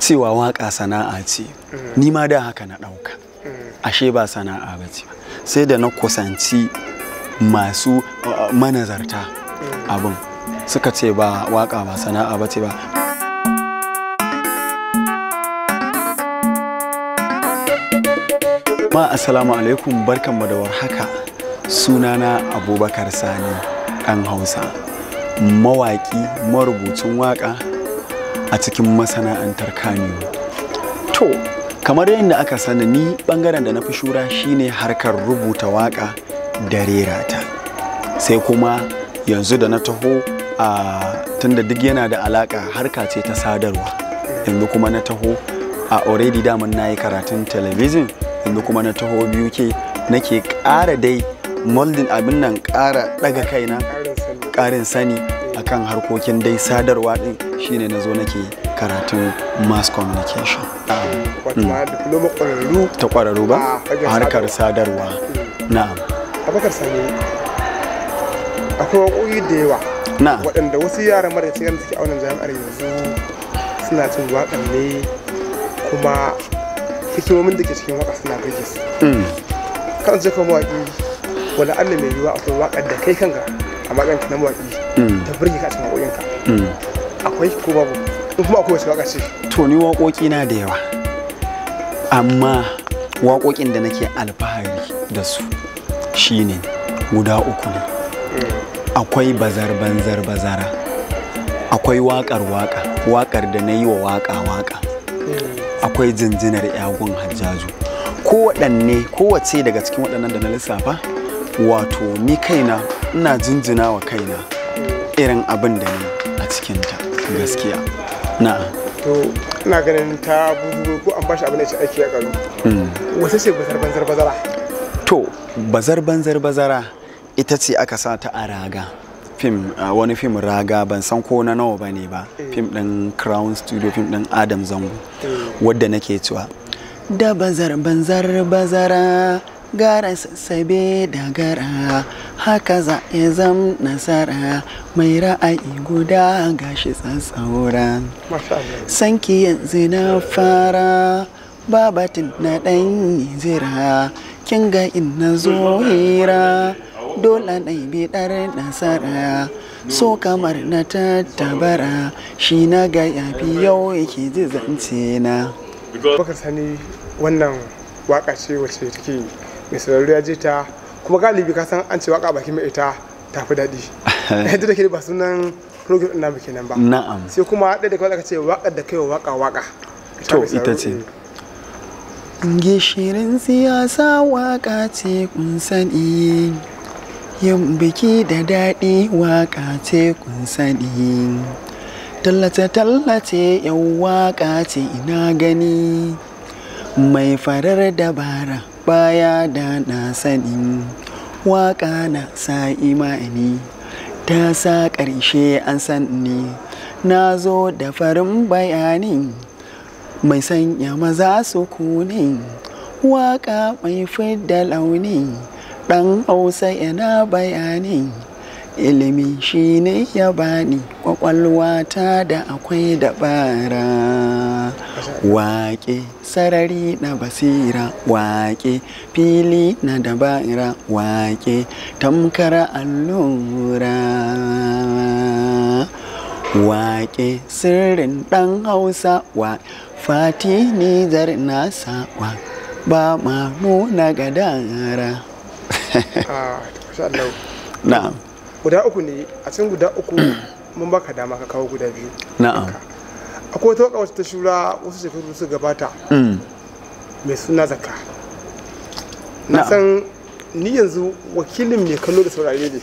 cewa waka sana'a ce ni ma da haka na ɗauka ashe ba sana'a ba ce sai da na kusanci masu eh, manazarta abin suka ce ba waka ba sana'a ba ce ba ma assalamu alaikum barkanmu da warhaka sunana abubakar sani ɗan hausa mawaƙi marubucin waƙa a cikin masana'antar Kano. To, kamar yadda aka sani ni bangaren da na fi shura shine harkar rubuta waka da rera ta. Sai kuma yanzu da na taho a tunda duk yana da alaka harka ce ta sadarwa. Yanzu kuma na taho a already daman na yi karatun television yanzu kuma na taho ke nake ƙara dai moldin abin nan ƙara ɗaga kaina ƙarin sani akan harkokin dai sadarwa din shine na zo nake karatun mass communication mm. ta kwararru ba a harkar sadarwa mm. na'am abakar sani akwai waƙoƙi da yawa na waɗanda wasu yaran mara cikin suke aunan jami'ar yanzu suna cin waƙar ne kuma hikimomin da ke cikin waƙa suna birge su mm. kan je kuma waƙi wani allah mai yiwuwa akwai waƙar da kai kanka a matsayin na mawaƙi Da mm. burge ka cikin waƙoƙinka mm. akwai ko babu in kuma akwai wasu waƙa ce to ni waƙoƙi na da yawa amma waƙoƙin da nake alfahari da su shine guda uku ne mm. akwai bazar banzar bazara akwai waƙar waƙa waƙar da na yi wa waƙa waƙa akwai jinjinar yagon hajjaju kowaɗanne kowace daga cikin waɗannan da na lissafa wato ni kaina ina jinjina wa kaina irin abin da ne a cikinta gaskiya na to ina ganin ta buru ko an bashi abin da ci aiki ya karu hmm. wasu ce bazar banzar bazara to bazar banzar bazara ita ce aka sa ta a raga fim wani fim raga ban san ko na nawa bane ba eh. fim din crown studio fim din adam zango eh. wadda nake cewa da bazar banzar bazara gara sassabe da gara haka za zan zam nasara mai ra'ayi guda gashi tsatsaura sanki yanzu na fara babatin na ɗan zira kin ga ina zo hira dole na yi nasara so kamar na tattabara shi na ga yafi yau yake ji zance na wannan waka ce wacce take mai sarari ya ta kuma galibi ka san an ce waka baki mai ita tafi daɗi yadda da ke ba sunan program ɗin namu kenan ba na'am sai kuma ɗaya da kawai aka ce waƙar da kaiwa waka waka to ita ce gishirin siyasa waka ce kun sani yin biki da daɗi waka ce kun sani tallace tallace yau waka ce ina gani mai farar dabara baya da na sani waka na sa imani ta sa ƙarshe an sanni na zo da farin bayani mai sanya maza su kone, waka mai fidda launi ɗan hausa yana bayani ilimi shi ne ya bani kwakwalwata da akwai dabara wake sarari na basira wake fili na dabara wake tamkara allura wake sirrin ɗan hausa wa fati ni nasa wa ba ma nuna gadara ah, guda uku ne a cikin guda uku mun baka dama ka kawo guda biyu na'am akwai wata wata ta shura wasu shekaru su gabata mm. mai suna zaka na san ni yanzu wakilin mai kallo da saurare ne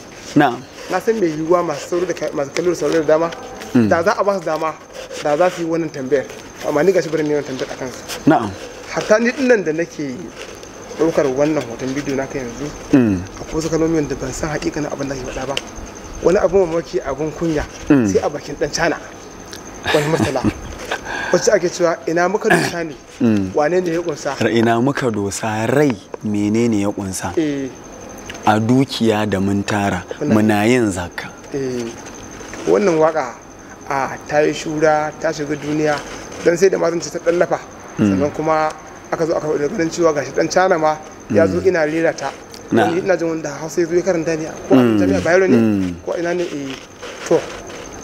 na san mai yiwuwa masu kallo da saurare da dama mm. da za a ba su dama da za su yi wannan tambayar amma ni gashi bari ne wannan tambayar a kansu hatta ni dinnan da nake ɗaukar wannan hoton bidiyo na naka yanzu mm. akwai wasu kalmomi wanda ban san na abin da ke faɗa ba wani abin mamaki abin kunya mm. sai a bakin ɗan cana wani matsala wacce ake cewa ina muka dosa ne mm. wane ne ya kunsa ina muka dosa rai menene ya kunsa eh. a dukiya da mun tara muna yin zakka eh. wannan waka a ta yi shura ta shiga duniya don sai da mazan ta tallafa sannan kuma aka zo aka da ganin cewa gashi dan cana ma ya zo hmm. ina rera ta ina jin wanda hausa ya zo ya karanta ne ko a hmm. jami'a bayero ne hmm. ko ina ne eh to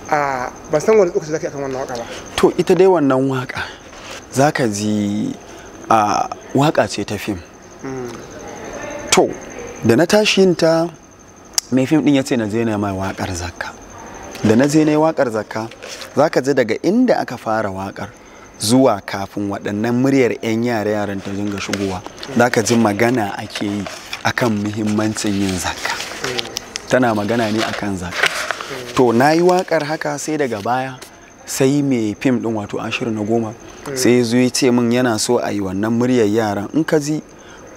a ban san wani tsokaci zaka akan wannan waka ba to ita dai wannan waka zaka ji a waka ce ta fim to da na tashi yin ta mai fim din ya ce na je na mai wakar zakka da na je na yi wakar zakka zaka ji daga inda aka fara wakar zuwa kafin waɗannan muryar 'yan yare yaran ta dinga shigowa za ka ji magana ake yi akan muhimmancin yin zakka tana magana ne akan zakka to na yi waƙar haka sai daga baya sai mai fim ɗin wato ashirin na goma sai zo ya ce min yana so a yi wannan muryar yaran in ka ji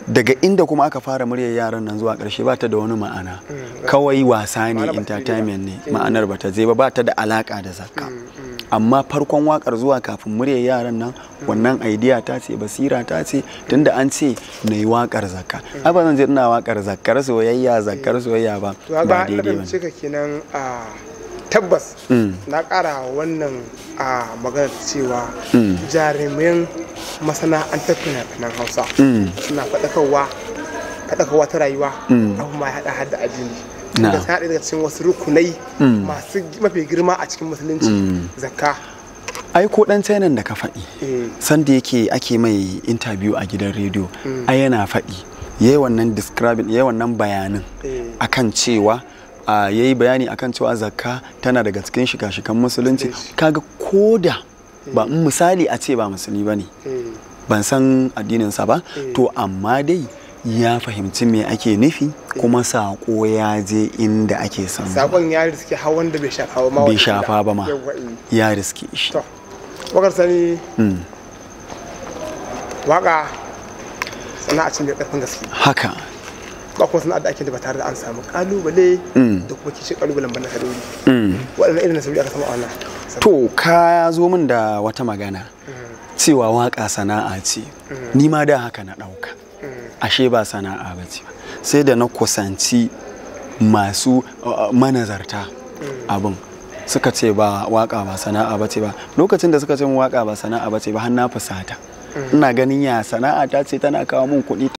daga inda kuma aka fara muryar yaran nan zuwa ƙarshe ba ta da wani ma'ana mm, kawai wasa ne entertainment ne mm. ma'anar ba ta je ba ba ta da alaƙa da zakka mm, amma farkon wakar zuwa kafin murya yaran nan wannan idea ta ce basira ta ce tunda an ce na yi wakar zakka ba zan je ina wakar zakkar soyayya zakkar soyayya ba ba daidai ba kenan a tabbas mm. na kara wannan a magana cewa mm. jarumin masana'antar fina-finan hausa mm. suna faɗakarwa ta rayuwa abu ma ya haɗa hada inda hmm. masu mafi girma a cikin musulunci hmm. zakka ai ko dan tsayanan da ka faɗi eh. sanda yake ake mai interview a gidan rediyo hmm. ai yana faɗi yayi wannan describing yayi wannan bayanin eh. akan cewa yayi bayani akan cewa zakka tana daga cikin shika-shikan musulunci kaga koda eh. ba misali a ce ba musulmi bane ban san addininsa ba to amma dai ya fahimci me ake nufi kuma sako ya je inda ake son sakon ya riske hawan da bai shafa ba bai shafa ba ma eh. ya riske shi to wakar sani hmm. waka sana'a cin mai karfin gaske haka ba kuma sana'a da ake da ba tare da an samu kalubale hmm. da kuma kishi kalubalen ban da kadori hmm. waɗannan irin nasarori aka samu a wannan to ka zo min da wata magana cewa waka sana'a ce ni ma da haka na ɗauka ashe ba sana'a ba ce sai da na kusanci masu uh, uh, manazarta abin suka ce ba waka ba sana'a ba ce ba lokacin da suka ce waka ba sana'a ba ce ba har na fusata ina ganin ya sana'a ta ce tana kawo min kuɗi